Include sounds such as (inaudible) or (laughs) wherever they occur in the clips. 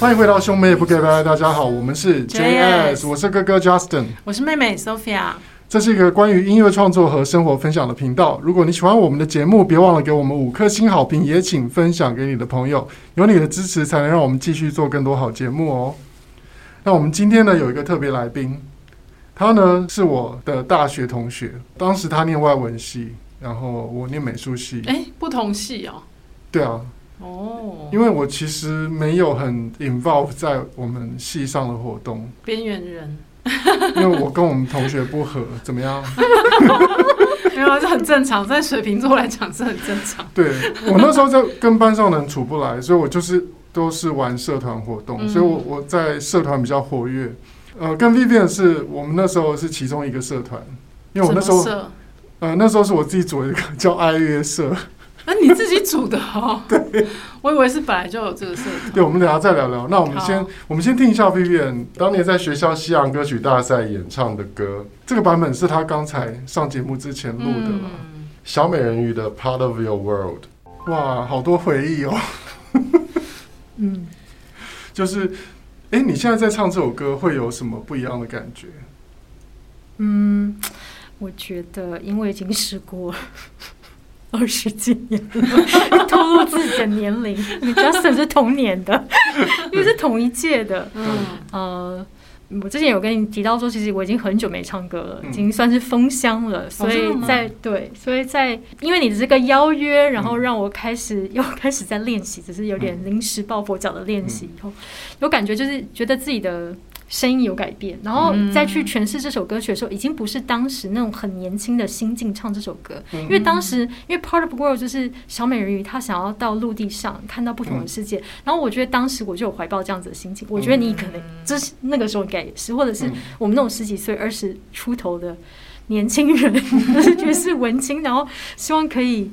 歡迎回到兄妹 (music) 不告白。大家好，我們是 JS, J S. S，我是哥哥 Justin，我是妹妹 Sophia。這是一個關於音樂創作和生活分享的頻道。如果你喜歡我們的節目，別忘了給我們五顆星好評，也請分享給你的朋友。有你的支持，才能讓我們繼續做更多好節目哦。那我們今天呢，有一個特別來賓，他呢是我的大學同學，當時他念外文系，然後我念美術系，哎，不同系哦。對啊。哦、oh.，因為我其實沒有很 involve 在我們系上的活動，邊緣人。因為我跟我們同學不合， (laughs) 怎麼樣？ (laughs) 沒有，這很正常。在水瓶座來講，是很正常。對，我那時候就跟班上人處不來，所以我就是都是玩社團活動，嗯，所以我我在社團比較活躍。呃，跟 Vivian 是我們那時候是其中一個社團，因為我那時候，呃，那時候是我自己組一個叫愛樂社。那 (laughs) 你自己煮的哦？對，我以為是本來就有這個設定。對，我們等下再聊聊。那我們先，我們先聽一下 Vivian 當年在學校西洋歌曲大賽演唱的歌。這個版本是他剛才上節目之前錄的啦、嗯、《小美人魚》的 Part of Your World。哇，好多回憶哦。 (laughs) 嗯，就是、欸，你現在在唱這首歌會有什麼不一樣的感覺？嗯，我覺得因為已經試過了。二十幾年，透露自己的年齡，你 Justin 是同童年的， (laughs) 因為是同一屆的。 (laughs) 嗯，嗯，呃，我之前有跟你提到說，其實我已經很久沒唱歌了，嗯、已經算是封箱了。所以、哦、在對，所以在因為你的這個邀約，然後讓我開始、嗯、又開始在練習，只是有點臨時抱佛腳的練習。以後嗯嗯有感覺，就是覺得自己的。聲音有改變，然後，再去詮釋這首歌曲的時候，嗯、已經不是當時那種很年輕的心境唱這首歌。嗯、因為當時，因為 Part of World 就是小美人魚，她想要到陸地上看到不同的世界、嗯。然後我覺得當時我就有懷抱這樣子的心情。我覺得你可能就是那個時候應該也是，或者是我們那種十幾歲、二十出頭的年輕人，嗯、 (laughs) 就是文青，然後希望可以。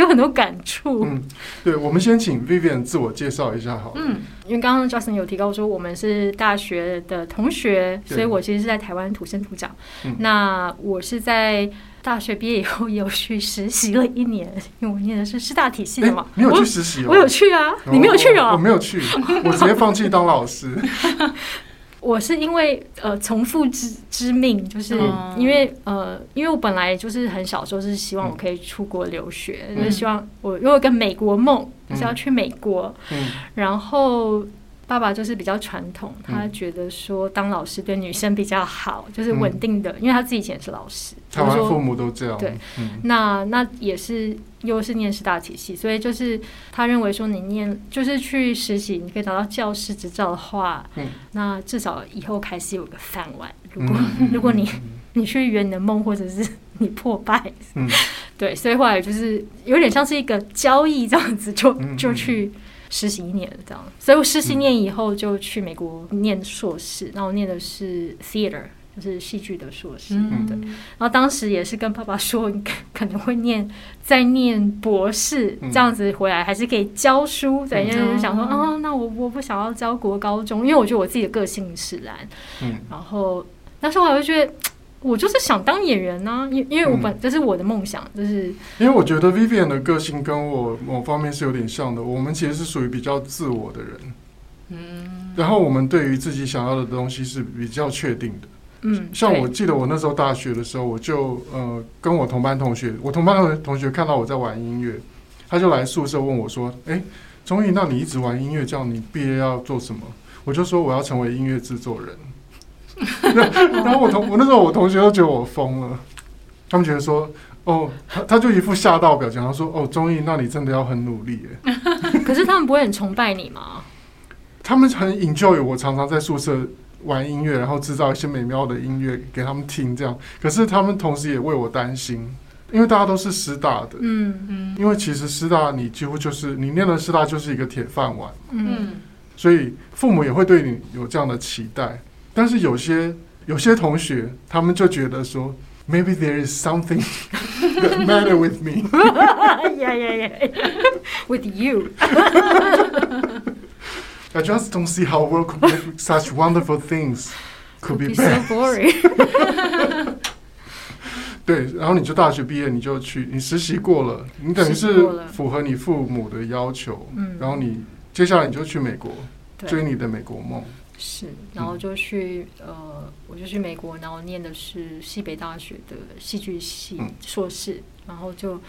有很多感觸。嗯，對，我們先請 Vivian 自我介紹一下好，嗯，因為剛剛 Justin 有提到說我們是大學的同學，所以我其實是在台灣土生土長，嗯。那我是在大學畢業以後也有去實習了一年，因為我念的是師大體系的嘛。你有去實習？哦我？我有去啊。哦，你沒有去啊？我沒有去，我直接放棄當老師。 (laughs) (laughs) 我是因為呃，從父之之命，就是因為、嗯、呃，因為我本來就是很小時候是希望我可以出國留學，嗯，就是希望我有一個美國夢，就是要去美國、嗯。然後爸爸就是比較傳統、嗯，他覺得說當老師對女生比較好，嗯、就是穩定的，因為他自己以前也是老師。台灣父母都這樣。對，嗯、那那也是。又是念師大體系，所以就是他認為說，你念就是去實習，你可以拿到教師執照的話、嗯,那至少以後開始有個飯碗。如果、嗯、如果你你去圓你的夢，或者是你破敗、嗯，對，所以後來就是有點像是一個交易這樣子，就就去實習一年這樣。所以我實習一年以後就去美國念碩士，然、嗯、後念的是 theater。就是戲劇的碩士、嗯，對。然後當時也是跟爸爸說，你可能會念再念博士、嗯、這樣子回來，還是可以教書。在因我想說，啊、哦，那我我不想要教國高中，因為我覺得我自己的個性使然。嗯。然後那時候我還會覺得，我就是想當演員呢、啊，因因為我本這、嗯就是我的夢想，就是。因為我覺得 Vivian 的個性跟我某方面是有點像的，我們其實是屬於比較自我的人。嗯。然後我們對於自己想要的東西是比較確定的。嗯，像我記得我那時候大學的時候，我就呃跟我同班同學，我同班同學看到我在玩音樂，他就來宿舍問我說：“哎、欸，鍾意？那你一直玩音樂，叫你畢業要做什麼？”我就說：“我要成為音樂制作人。 (laughs) ”然後我同我那時候我同學都覺得我瘋了，他們覺得說：“哦，他他就一副嚇到的表情。”他說：“哦，鍾意？那你真的要很努力。”耶？’可是他們不會很崇拜你嗎？ (laughs) 他們很 enjoy 我常常在宿舍。玩音樂，然後製造一些美妙的音樂給他們聽，這樣。可是他們同時也為我擔心，因為大家都是師大的，嗯嗯。因為其實師大你幾乎就是你念的師大就是一個鐵飯碗，嗯。所以父母也會對你有這樣的期待。但是有些有些同學，他們就覺得說，Maybe there is something that matter with me。 (laughs) (laughs) Yeah yeah yeah。With you。 (laughs) I just don't see how work such wonderful things (laughs) could be, (laughs) be so boring 對，然後你就大學畢業，你就去，你實習過了，你等於是符合你父母的要求，然後你接下來你就去美國、嗯、追你的美國夢。是，然後就去呃，我就去美國，然後念的是西北大學的戲劇系碩士，然後就。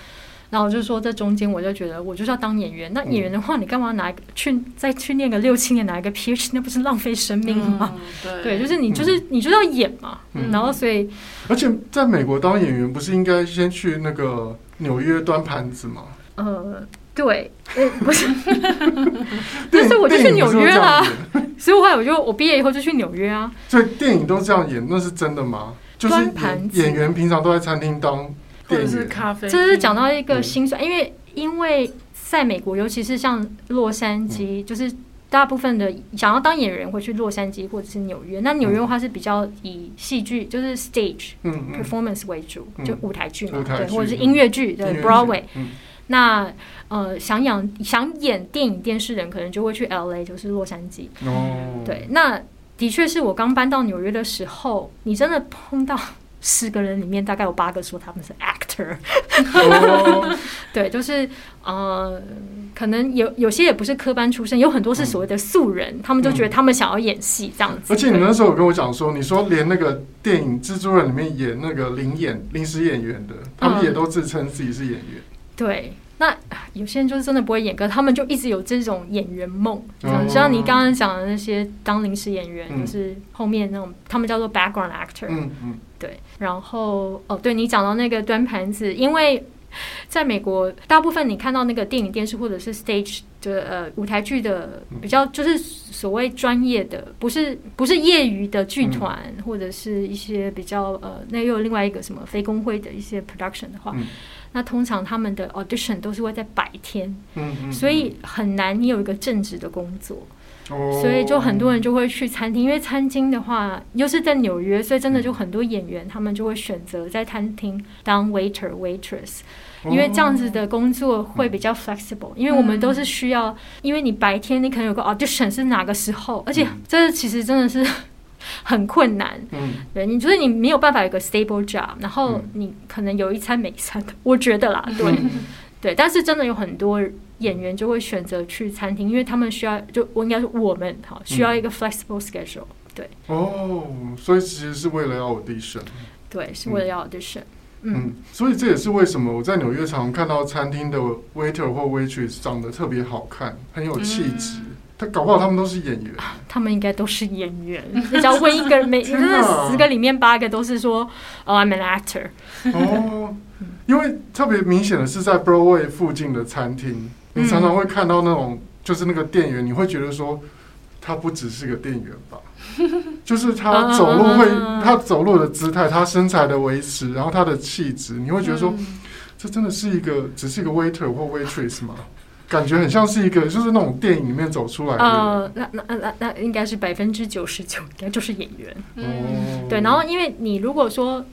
然後就是說，在中間我就覺得，我就是要當演員。那演員的話，你幹嘛拿、嗯、去再去念個六七年拿一個 PH？那不是浪費生命嗎？嗯、對，對，就是你就是、嗯、你就要演嘛、嗯。然後所以，而且在美國當演員不是應該先去那個紐約端盤子嗎？呃，對，我不是， (laughs) (laughs) (laughs) 但是我就去紐約了。 (laughs) 所以我後來我就我畢業以後就去紐約啊。所以電影都這樣演，那是真的嗎？就是演，端盤子演員平常都在餐廳當或者是咖啡，這是講到一個心酸。因為因為在美國，尤其是像洛杉磯，就是大部分的想要當演員會去洛杉磯或者是紐約。那紐約的話是比較以戲劇，就是 stage，嗯，performance 為主，就舞台劇嘛，對，或者是音樂劇，對，Broadway。那呃，想演想演電影電視人，可能就會去 LA，就是洛杉磯。對，那的確是我剛搬到紐約的時候，你真的碰到。十個人裡面大概有八個說他們是 actor，oh. (laughs) 對，就是呃，可能有有些也不是科班出身，有很多是所謂的素人，他們都覺得他們想要演戲這樣子，嗯。而且你那時候有跟我講說，說，你說連那個電影《蜘蛛人》裡面演那個臨演臨時演員的，他們也都自稱自己是演員，嗯、嗯。對，那有些人就是真的不會演歌，他們就一直有這種演員夢，嗯，像你剛剛講的那些當臨時演員，就是後面那種他們叫做 background actor，嗯、嗯。對，然後哦，對你講到那個端盤子，因為在美國，大部分你看到那個電影、電視或者是 stage 的呃舞台劇的比較，就是所謂專業的，不是不是業餘的劇團，嗯、或者是一些比較呃，那又有另外一個什麼非工會的一些 production 的話，嗯、那通常他們的 audition 都是會在白天，所以很難你有一個正職的工作。Oh, 所以就很多人就會去餐廳，因為餐廳的話又是在紐約，所以真的就很多演員、嗯、他們就會選擇在餐廳當 waiter waitress，、oh, 因為這樣子的工作會比較 flexible，、嗯、因為我們都是需要，因為你白天你可能有個 audition 是哪個時候，而且這其實真的是很困難，嗯，對，你就是你沒有辦法有個 stable job，然後你可能有一餐沒餐的，我覺得啦，對，嗯、對, (laughs) 對，但是真的有很多人。演員就會選擇去餐廳，因為他們需要就我應該是我們好需要一個 flexible schedule，、嗯、對。哦、oh,，所以其實是為了要 audition，對，是為了要 audition 嗯。嗯，所以這也是為什麼我在紐約常常看到餐廳的 waiter 或 waitress 長得特別好看，很有氣質。他、嗯、搞不好他們都是演員。啊、他們應該都是演員。你 (laughs) 只要問一個每一個十個裡面八個都是說，哦、啊 oh,，I'm an actor。哦，因為特別明顯的是在 Broadway 附近的餐廳。你常常會看到那種，嗯、就是那個店員，你會覺得說，他不只是個店員吧？ (laughs) 就是他走路會，uh, 他走路的姿態，他身材的維持，然後他的氣質，你會覺得說、嗯，這真的是一個，只是一個 waiter 或 waitress 嗎？感覺很像是一個，就是那種電影裡面走出來的。的、uh, 那那那那那應該是百分之九十九，應該就是演員。哦、嗯嗯，對，然後因為你如果說。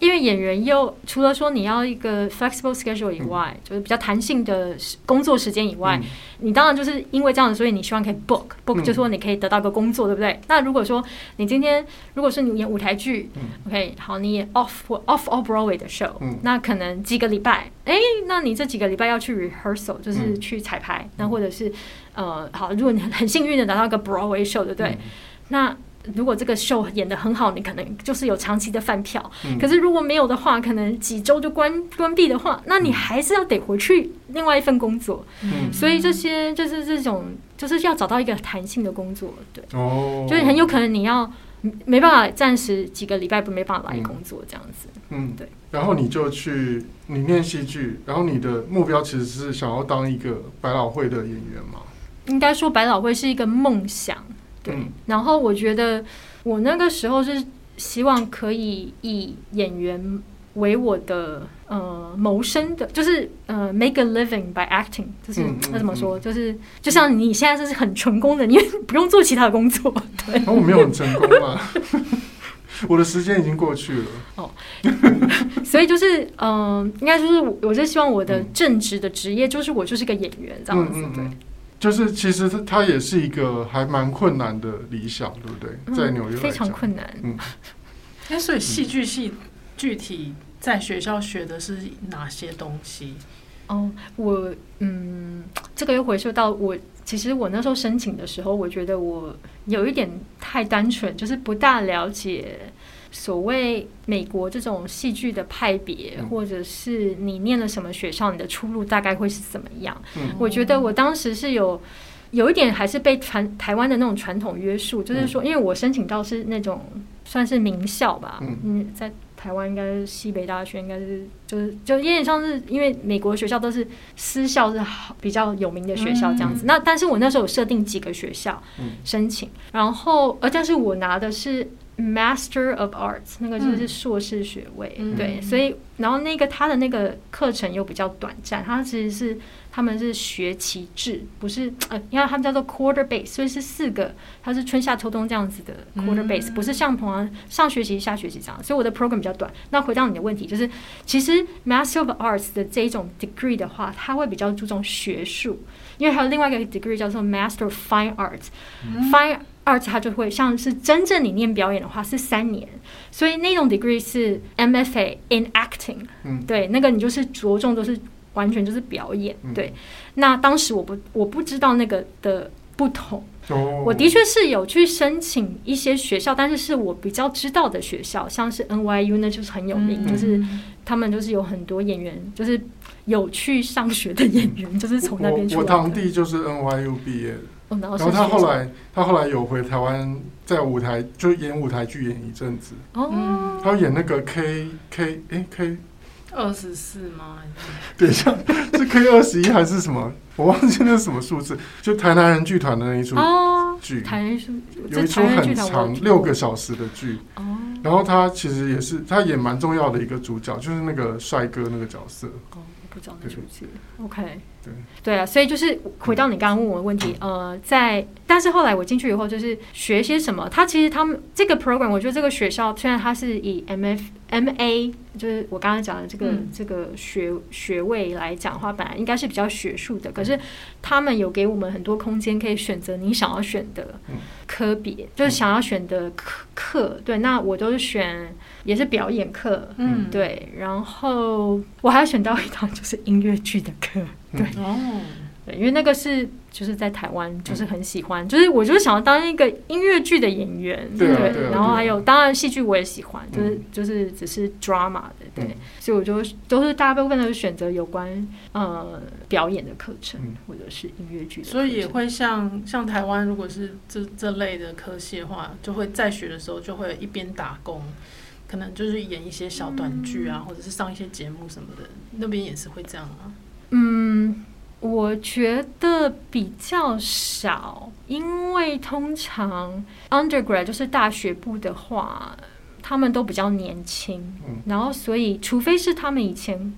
因為演員又除了說你要一個 flexible schedule 以外，嗯、就是比較彈性的工作時間以外、嗯，你當然就是因為這樣子，所以你希望可以 book、嗯、book，就是說你可以得到個工作，對不對、嗯？那如果說你今天如果是你演舞台劇、嗯、，OK，好，你演 off off all Broadway 的 show，、嗯、那可能幾個禮拜，哎、欸，那你這幾個禮拜要去 rehearsal，就是去彩排，嗯、那或者是呃，好，如果你很幸運的拿到一個 Broadway show，對不對？嗯、那如果這個秀演得很好，你可能就是有長期的飯票、嗯。可是如果沒有的話，可能幾週就關關閉的話，那你還是要得回去另外一份工作。嗯、所以這些就是這種，嗯、就是要找到一個彈性的工作。對，哦、就是很有可能你要沒辦法暫時幾個禮拜不沒辦法來工作這樣子。嗯，對。然後你就去你念戲劇，然後你的目標其實是想要當一個百老匯的演員嗎？應該說百老匯是一個夢想。對，然後我覺得我那個時候是希望可以以演員為我的呃謀生的，就是呃 make a living by acting，就是那，嗯嗯、怎麼說，嗯，就是就像你現在就是很成功的，你不用做其他的工作。對，我沒有很成功嘛， (laughs) (laughs) 我的時間已經過去了。哦，所以就是嗯，呃，應該就是我，我就希望我的正職的職業就是我就是個演員這樣子，對，嗯。嗯嗯就是其實它也是一個還蠻困難的理想，對不對在、嗯？在紐約非常困難。嗯，哎，所以戲劇系具體在學校學的是哪些東西、嗯？嗯、哦，我嗯，這個又回溯到我，其實我那時候申請的時候，我覺得我有一點太單純，就是不大了解。所謂美國這種戲劇的派別，或者是你念了什麼學校，你的出路大概會是怎麼樣？我覺得我當時是有有一點還是被傳台灣的那種傳統約束，就是說，因為我申請到是那種算是名校吧，嗯，在台灣應該是西北大學，應該是就是就有點像是因為美國學校都是私校，是好比較有名的學校這樣子。那但是我那時候有設定幾個學校申請，然後呃，但是我拿的是。Master of Arts 那個就是碩士學位，嗯、對、嗯，所以然後那個他的那個課程又比較短暫，他其實是他們是學期制，不是呃，因為他們叫做 quarter base，所以是四個，它是春夏秋冬這樣子的 quarter base，嗯、不是像同上學期下學期這樣，所以我的 program 比較短。那回到你的問題，就是其實 Master of Arts 的這一種 degree 的話，他會比較注重學術，因為還有另外一個 degree 叫做 Master of Fine Arts，Fine、嗯。Fine，二次他就會像是真正你念表演的話是三年，所以那種 degree 是 MFA in acting，嗯，對，那個你就是着重都是完全就是表演，嗯，對。那當時我不我不知道那個的不同，我的確是有去申請一些學校，但是是我比較知道的學校，像是 NYU 那就是很有名，就是他們就是有很多演員就是有去上學的演員，就是從那邊去，嗯。我堂弟就是 NYU 畢業的。然後他後來，他後來有回台灣，在舞台就演舞台劇演一陣子。嗯，他要演那個 K K 哎 K 二十四嗎？等一下，是 K 二十一還是什麼？我忘記那是什麼數字。就台南人劇團的那一出劇、哦台，有一出很長六個小時的劇。然後他其實也是，他也蠻重要的一個主角，就是那個帥哥那個角色。哦，我不知道，那個主角。OK 對。對對啊，所以就是回到你剛剛問我的問題，嗯、呃，在但是後來我進去以後，就是學些什麼？他其實他們這個 program，我覺得這個學校雖然他是以 M F M A。就是我剛剛講的這個這個學學位來講的話，本來應該是比較學術的，嗯，可是他們有給我們很多空間可以選擇你想要選的科別，嗯，就是想要選的課課，嗯，對，那我都是選也是表演課，嗯，對，然後我還要選到一堂就是音樂劇的課，嗯，對。哦對，因為那個是就是在台灣，就是很喜歡，就是我就是想要當一個音樂劇的演員，對，然後還有當然戲劇我也喜歡，就是就是只是 drama 的，對，所以我就都是大部分都是選擇有關呃表演的課程或者是音樂劇的課程，所以也會像像台灣，如果是這這類的科系的話，就會在學的時候就會一邊打工，可能就是演一些小短劇啊，或者是上一些節目什麼的，那邊也是會這樣啊。我覺得比較少，因為通常 undergrad 就是大學部的話，他們都比較年輕，嗯，然後所以除非是他們以前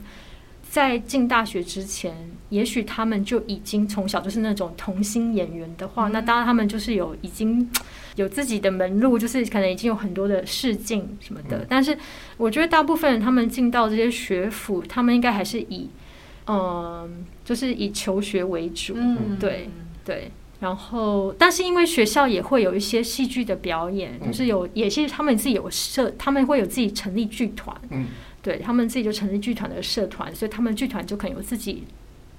在進大學之前，也許他們就已經從小就是那種童星演員的話，嗯，那當然他們就是有已經有自己的門路，就是可能已經有很多的試鏡什麼的，嗯。但是我覺得大部分人他們進到這些學府，他們應該還是以嗯。呃就是以求學為主，嗯、對對，然後但是因為學校也會有一些戲劇的表演，就是有、嗯、也是他們自己有社，他們會有自己成立劇團，嗯、對他們自己就成立劇團的社團，所以他們劇團就可以有自己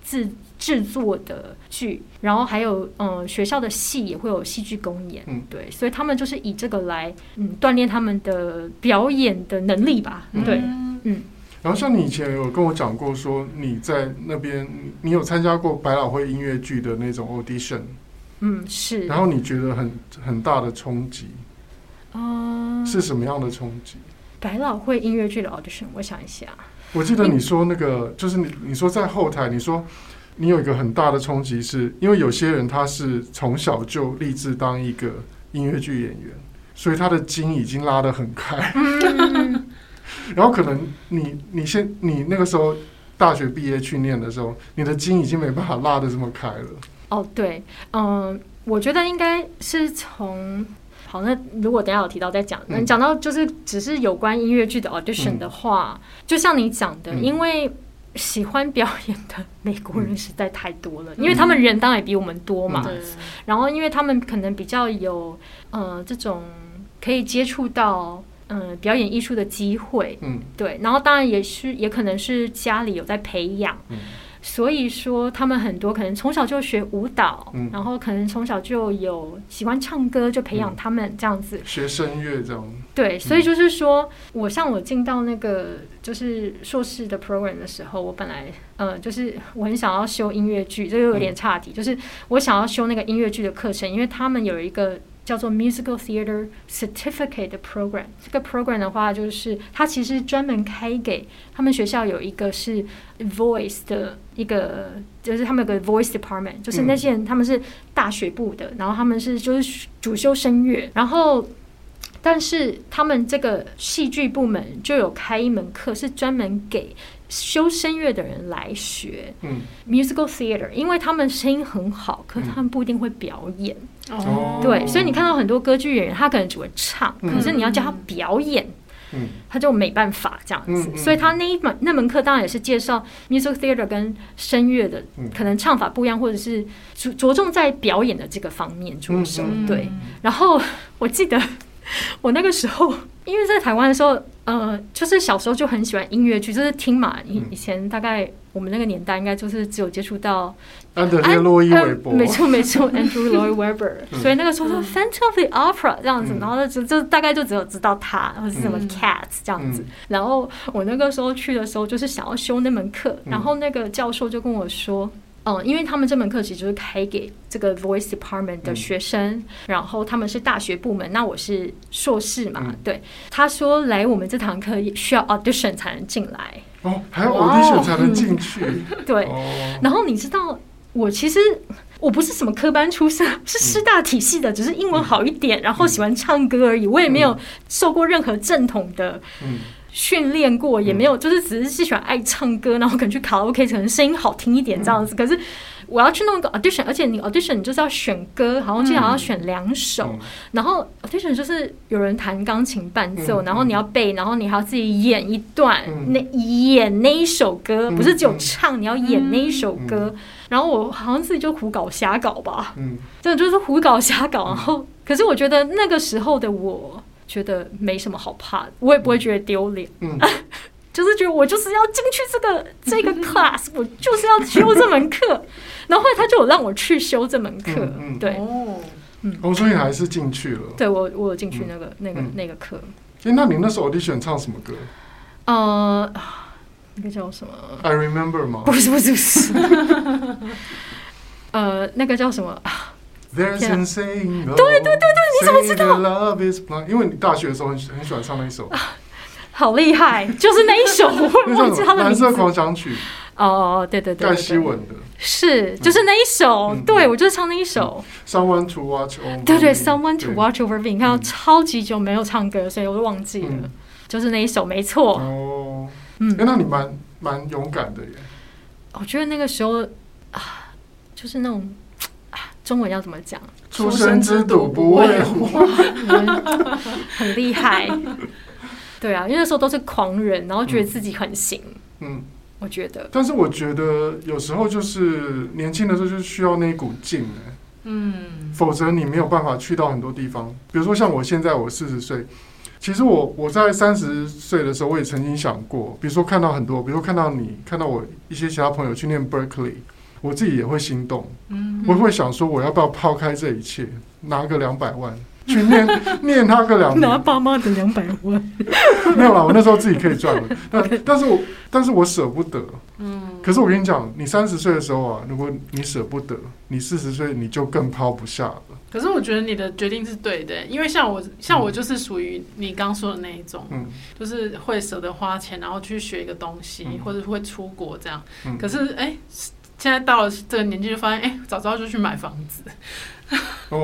制製作的劇，然後還有嗯學校的戲也會有戲劇公演，嗯、對，所以他們就是以這個來嗯鍛鍊他們的表演的能力吧，嗯、對，嗯，嗯。然後像你以前有跟我講過，說你在那邊你有參加過百老匯音樂劇的那種 audition，嗯是，然後你覺得很很大的衝擊，啊、呃、是什麼樣的衝擊？百老匯音樂劇的 audition，我想一下，我記得你說那個、嗯、就是你你說在後台，你說你有一個很大的衝擊是，是因為有些人他是從小就立志當一個音樂劇演員，所以他的筋已經拉得很開。嗯 (laughs) 然後可能你你先你那個時候大學畢業去念的時候，你的筋已經沒辦法拉得這麼開了。哦、oh,，對，嗯，我覺得應該是從好，那如果等下有提到再講、嗯。能講到就是只是有關音樂劇的 audition 的話，嗯、就像你講的、嗯，因為喜歡表演的美國人實在太多了、嗯，因為他們人當然也比我們多嘛。嗯、然後，因為他們可能比較有呃這種可以接觸到。嗯、呃，表演藝術的機會，嗯，對，然後當然也是，也可能是家裡有在培養、嗯，所以說他們很多可能從小就學舞蹈，嗯、然後可能從小就有喜歡唱歌，就培養他們這樣子，嗯、學聲樂這種對、嗯，對，所以就是說我像我進到那個就是碩士的 program 的時候，我本來嗯、呃，就是我很想要修音樂劇，這就有點岔題、嗯，就是我想要修那個音樂劇的課程，因為他們有一個。叫做 musical theater certificate program，這個 program 的話，就是它其實專門開給他們學校有一個是 voice 的一個，就是他們有個 voice department，就是那些人他們是大學部的，然後他們是就是主修聲樂，然後但是他們這個戲劇部門就有開一門課，是專門給。修聲樂的人來學、嗯、musical theater，因為他們聲音很好，可是他們不一定會表演。哦、嗯，對哦，所以你看到很多歌劇演員，他可能只會唱，嗯、可是你要叫他表演，嗯、他就沒辦法這樣子、嗯。所以他那一門那門課，當然也是介紹 musical theater 跟聲樂的、嗯，可能唱法不一樣，或者是着着重在表演的這個方面着手、嗯。對，嗯、然後我記得。我那個時候，因為在台灣的時候，呃，就是小時候就很喜歡音樂劇，就是聽嘛。以、嗯、以前大概我們那個年代，應該就是只有接觸到沒錯、呃，沒錯 Andrew Lloyd Webber， (laughs) 所以那個時候就《Phantom of the Opera》這樣子，嗯、然後就就大概就只有知道他，或是什麼《Cats》這樣子、嗯。然後我那個時候去的時候，就是想要修那門課，然後那個教授就跟我說。嗯，因為他們這門課其實就是開給這個 voice department 的學生、嗯，然後他們是大學部門，那我是碩士嘛，嗯、對。他說來我們這堂課也需要 audition 才能進來。哦，還要 audition 才能進去。嗯嗯、對、哦。然後你知道，我其實我不是什麼科班出身，是師大體系的，嗯、只是英文好一點、嗯，然後喜歡唱歌而已，我也沒有受過任何正統的。嗯嗯訓練過也沒有、嗯，就是只是喜歡愛唱歌，然後可能去卡拉 OK 可能聲音好聽一點這樣子。嗯、可是我要去弄個 audition，而且你 audition 你就是要選歌，好像經常要選兩首、嗯。然後 audition 就是有人彈鋼琴伴奏、嗯，然後你要背，然後你還要自己演一段、嗯、那演那一首歌、嗯，不是只有唱，你要演那一首歌、嗯嗯。然後我好像自己就胡搞瞎搞吧，嗯，真的就是胡搞瞎搞、嗯。然後可是我覺得那個時候的我。覺得沒什麼好怕，我也不會覺得丟臉，嗯，啊，就是覺得我就是要進去這個 (laughs) 這個 class，我就是要修這門課，然後後來他就有讓我去修這門課，嗯，嗯，對，哦，嗯，哦，所以還是進去了，對我，我有進去那個，嗯，那個那個課，哎，欸，那你那時候 audition 唱什麼歌？呃，那個叫什麼？Uh, I remember 嗎 my...？不是不是不是， (laughs) 呃，那個叫什麼？Insane, oh, 對對對對，你怎麼知道？Blind, 因為你大學的時候很很喜歡唱那一首。啊，好厲害，就是那一首，忘記他的名字。藍色狂想曲。 (laughs) (laughs) 哦，對對對，蓋希文的。是，就是那一首。嗯，對，我就是唱那一首。Someone to watch over. 對對，Someone to watch over me。你看到超級久沒有唱歌，所以我都忘記了，嗯。就是那一首，沒錯。哦。嗯，那，欸，那你蠻蠻勇敢的耶。我覺得那個時候啊，就是那種。中文要怎麼講？初生之犢不畏虎，很厲害。對啊，因為那時候都是狂人，然後覺得自己很行。嗯，我覺得。但是我覺得有時候就是年輕的時候就需要那股勁，嗯，否則你沒有辦法去到很多地方。比如說像我現在，我四十歲，其實我我在三十歲的時候，我也曾經想過，比如說看到很多，比如說看到你，看到我一些其他朋友去念 Berkeley。我自己也會心動，嗯、我會想說，我要不要拋開這一切，嗯、拿個兩百萬去念 (laughs) 念他個兩拿爸媽的兩百萬， (laughs) (laughs) 沒有啦？我那時候自己可以賺了 (laughs) 但、okay. 但是我但是我捨不得，嗯，可是我跟你講，你三十歲的時候啊，如果你捨不得，你四十歲你就更拋不下了。可是我覺得你的決定是對的、欸，因為像我像我就是屬於你剛說的那一種，嗯，就是會捨得花錢，然後去學一個東西，嗯、或者會出國這樣，嗯、可是哎。欸現在到了這個年紀，就發現哎、欸，早知道就去買房子。哦、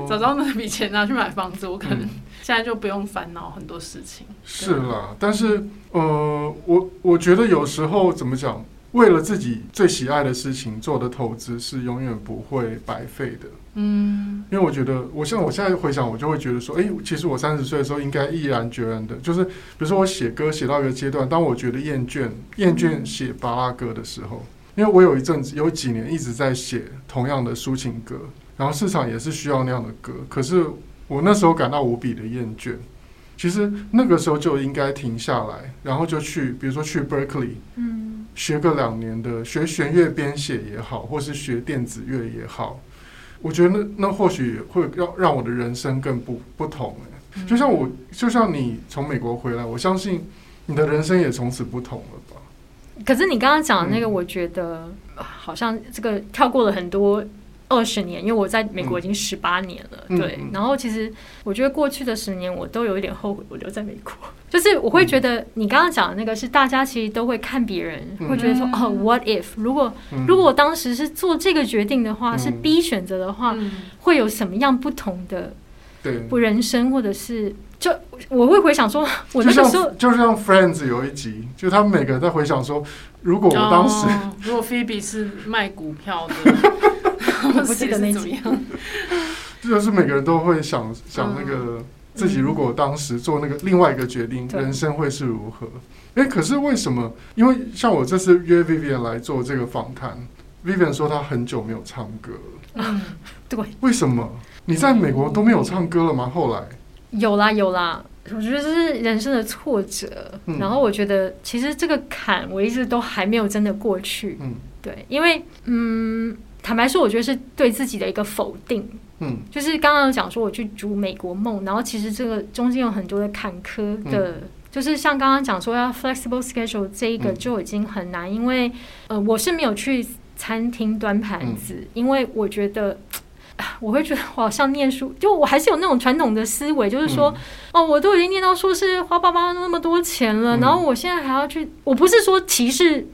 oh,，早知道那筆錢拿去買房子，我可能現在就不用煩惱很多事情，嗯。是啦，但是呃，我我覺得有時候怎麼講，為了自己最喜愛的事情做的投資是永遠不會白費的。嗯，因為我覺得，我現在、我現在回想，我就會覺得說，哎、欸，其實我三十歲的時候應該毅然決然的，就是比如說我寫歌寫到一個階段，當我覺得厭倦厭倦寫芭樂歌的時候。因為我有一陣子有幾年一直在寫同樣的抒情歌，然後市場也是需要那樣的歌。可是我那時候感到無比的厭倦。其實那個時候就應該停下來，然後就去，比如說去 Berkeley，嗯，學個兩年的，學弦樂編寫也好，或是學電子樂也好，我覺得那那或許會讓讓我的人生更不不同，欸。嗯。就像我，就像你從美國回來，我相信你的人生也從此不同了吧。可是你剛剛講的那個，我覺得、嗯啊、好像這個跳過了很多二十年，因為我在美國已經十八年了。嗯、對、嗯，然後其實我覺得過去的十年，我都有一點後悔我留在美國。嗯、就是我會覺得你剛剛講的那個是大家其實都會看別人、嗯，會覺得說、嗯、哦，What if？如果、嗯、如果我當時是做這個決定的話，嗯、是 B 選擇的話、嗯，會有什麼樣不同的不人生，或者是？就我會回想說，我就像就像 Friends 有一集，就他們每個人在回想說，如果我當時，uh, 如果 Phoebe 是賣股票的， (laughs) 我不記得那集。 (laughs) 就是每個人都會想想那個、嗯、自己，如果當時做那個另外一個決定，嗯、人生會是如何。哎、欸，可是為什麼？因為像我這次約 Vivian 來做這個訪談，Vivian 說她很久沒有唱歌了。嗯、對。為什麼你在美國都沒有唱歌了嗎？後來。有啦有啦，我覺得這是人生的挫折、嗯。然後我覺得其實這個坎我一直都還沒有真的過去。嗯，對，因為嗯，坦白說，我覺得是對自己的一個否定。嗯，就是剛剛講說我去逐美國夢，然後其實這個中間有很多的坎坷的，嗯、就是像剛剛講說要 flexible schedule 這一個就已經很難，嗯、因為呃，我是沒有去餐廳端盤子，嗯、因為我覺得。我會覺得我好像念書，就我還是有那種傳統的思維，就是說，嗯、哦，我都已經念到碩士花爸媽那麼多錢了、嗯，然後我現在還要去，我不是說歧視，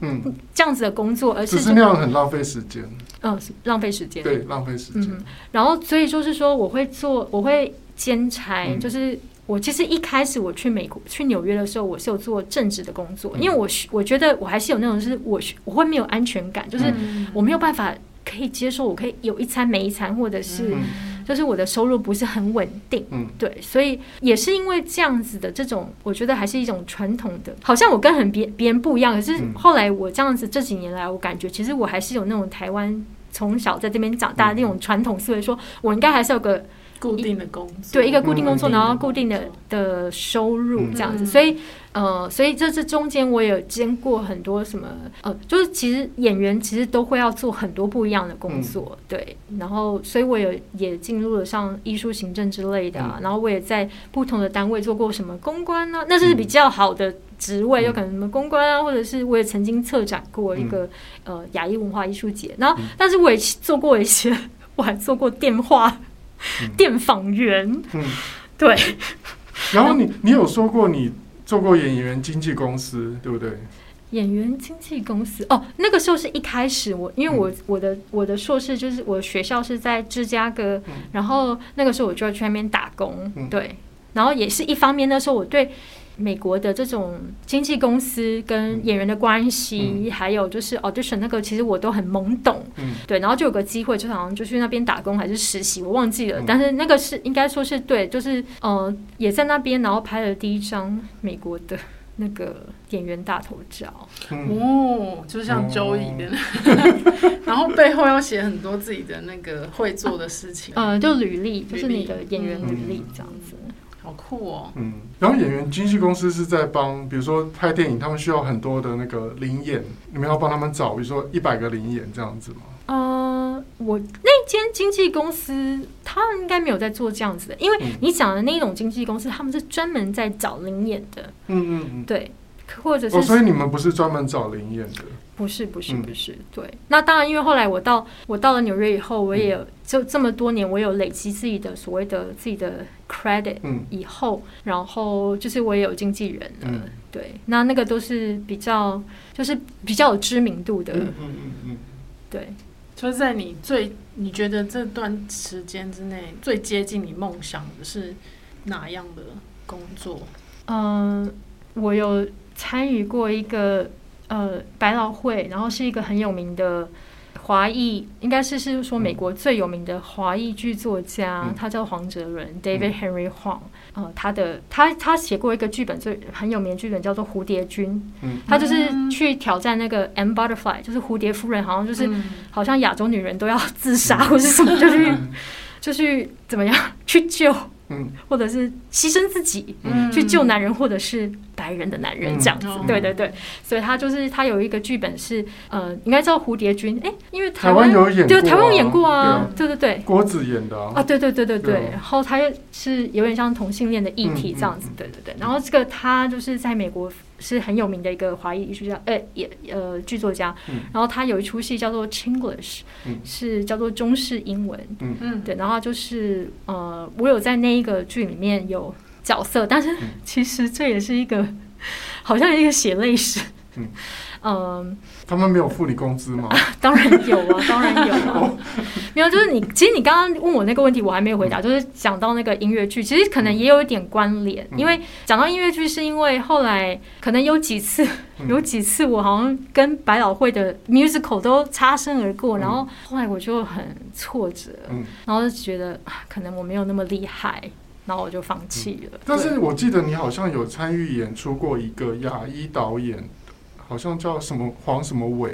這樣子的工作，嗯、而是，是那樣很浪費時間，嗯，浪費時間，對，浪費時間。嗯、然後所以就是說，我會做，我會兼差、嗯，就是我其實一開始我去美國去紐約的時候，我是有做正職的工作，嗯、因為我我覺得我還是有那種、就是我我會沒有安全感，就是我沒有辦法。嗯可以接受，我可以有一餐沒一餐，或者是就是我的收入不是很穩定，對，所以也是因為這樣子的這種，我覺得還是一種傳統的，好像我跟很別別人不一樣，可是後來我這樣子這幾年來，我感覺其實我還是有那種台灣從小在這邊長大的那種傳統思維，說我應該還是有個固定的工作，對，一個固定工作，然後固定的的收入這樣子，所以。呃，所以在這中間，我也有兼過很多什麼，呃，就是其實演員其實都會要做很多不一樣的工作，嗯，對。然後，所以我也也進入了像藝術行政之類的啊。嗯，然後，我也在不同的單位做過什麼公關啊、啊嗯，那是比較好的職位，嗯，有可能什麼公關啊，嗯，或者是我也曾經策展過一個、嗯、呃亞裔文化藝術節。然後、嗯，但是我也做過一些，我還做過電話、嗯、 (laughs) 電訪員。嗯，對。然後你你有說過你、嗯。做過演員經紀公司，對不對？演員經紀公司哦，那個時候是一開始我，我因為我、嗯、我的我的碩士就是我學校是在芝加哥、嗯，然後那個時候我就要去那邊打工、嗯，對，然後也是一方面，那時候我對。美國的這種經紀公司跟演員的關係、嗯，還有就是 audition 那個，其實我都很懵懂，嗯、對，然後就有個機會，就好像就去那邊打工還是實習，我忘記了、嗯，但是那個是應該說是對，就是嗯、呃、也在那邊，然後拍了第一張美國的那個演員大頭照，嗯、哦，就是像 Joey 的，嗯、 (laughs) (laughs) 然後背後要寫很多自己的那個會做的事情，嗯、啊呃，就履歷，就是你的演員履歷這樣子。嗯嗯。好酷哦！嗯，然後演員經紀公司是在幫、嗯，比如說拍電影，他們需要很多的那個臨演，你們要幫他們找，比如說一百個臨演這樣子嗎？呃，我那間經紀公司，他們應該沒有在做這樣子的，因為你講的那一種經紀公司，他們是專門在找臨演的。嗯嗯，嗯對，或者是、哦，所以你們不是專門找臨演的。不是不是不是，嗯，對。那當然，因為後來我到我到了紐約以後，我也有，就這麼多年，我有累積自己的所謂的自己的 credit 以後，嗯，然後就是我也有經紀人，嗯、對。那那個都是比較就是比較有知名度的，嗯、對，就是在你最你覺得這段時間之內最接近你夢想的是哪樣的工作？嗯，我有參與過一個。呃，百老匯，然後是一個很有名的華裔，應該是是說美國最有名的華裔劇作家、嗯，他叫黃哲倫、嗯、，David Henry Huang。呃，他的他他寫過一個劇本，最很有名的劇本叫做《蝴蝶君》嗯。他就是去挑戰那個 M Butterfly，就是蝴蝶夫人，好像就是好像亞洲女人都要自殺、嗯、或是什麼、就是嗯，就是就怎麼樣去救，或者是犧牲自己、嗯、去救男人，或者是。白人的男人這樣子、嗯，對對對，所以他就是他有一個劇本是，呃，應該叫《蝴蝶君》哎，因為台灣有演，過、啊有演過啊，對台灣演過啊，對對對，郭子演的啊，啊對對對對對，然後他就是有點像同性戀的議題這樣子，對對對，然後這個他就是在美國是很有名的一個華裔藝術家、欸，呃也呃劇作家，然後他有一出戲叫做《Chinglish》，是叫做中式英文，嗯，對，然後就是呃，我有在那一個劇裡面有。角色，但是其實這也是一個，嗯、好像一個血淚史嗯。嗯，他們沒有付你工資嗎、啊？當然有啊，當然有、啊 (laughs) 嗯。沒有，就是你，其實你剛剛問我那個問題，我還沒有回答。嗯、就是講到那個音樂劇，其實可能也有一點關聯、嗯，因為講到音樂劇，是因為後來可能有幾次，嗯、有幾次我好像跟百老匯的 musical 都擦身而過、嗯，然後後來我就很挫折，嗯、然後就覺得可能我沒有那麼厲害。然後我就放棄了、嗯。但是我記得你好像有參與演出過一個亞裔導演，好像叫什麼黃什麼偉，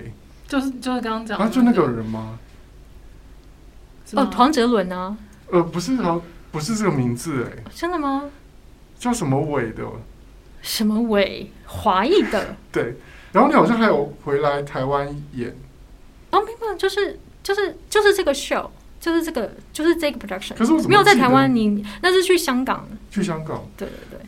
就是就是剛剛講的、那個，啊就那個人嗎？嗎哦，黃哲倫啊？呃，不是他、嗯、不是這個名字哎、欸。真的嗎？叫什麼偉的？什麼偉？華裔的？ (laughs) 對。然後你好像還有回來台灣演，啊、嗯，沒、嗯、有、嗯，就是就是就是這個 show。就是這個，就是這個 production。可是我怎麼沒有在台灣？你那是去香港。去香港、嗯。對對對。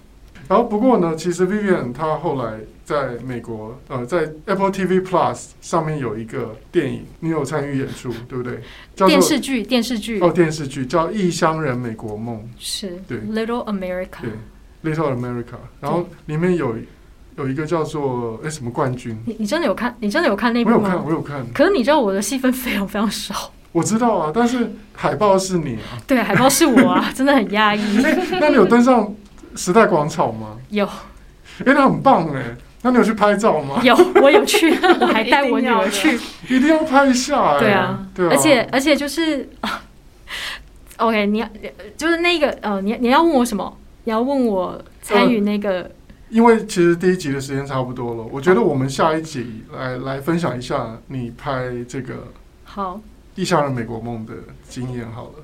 然後不過呢，其實 Vivian 她後來在美國，呃，在 Apple TV Plus 上面有一個電影，你有參與演出，Okay. 對不對？叫做，電視劇，電視劇。哦，電視劇叫《異鄉人美國夢》。是。對。Little America。對。Little America。然後裡面有有一個叫做哎什麼冠軍？你你真的有看？你真的有看那部嗎？我有看。我有看。可是你知道我的戲份非常非常少。我知道啊，但是海報是你啊。對，海報是我啊， (laughs) 真的很壓抑、欸。那你有登上時代廣場嗎？有。哎、欸，那很棒哎、欸。那你有去拍照嗎？有，我有去， (laughs) 我還帶我女兒去。一定要拍一下、欸、對啊，對啊。而且，而且就是，OK，你要，就是那個呃，你你要問我什麼？你要問我參與那個、呃？因為其實第一集的時間差不多了，我覺得我們下一集來、哦、來，來分享一下你拍這個。好。異鄉人美國夢的經驗好了，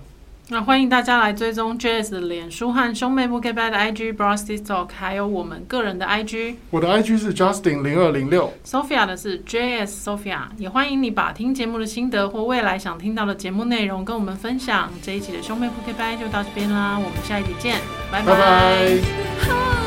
那、啊、歡迎大家來追蹤 J.S. 的臉書和兄妹撲克牌的 IG brosistalk，還有我們個人的 IG。我的 IG 是 Justin 零二零六，Sophia 的是 J.S. Sophia。也歡迎你把聽節目的心得或未來想聽到的節目內容跟我們分享。這一集的兄妹撲克牌就到這邊啦，我們下一集見，拜拜。拜拜 (music)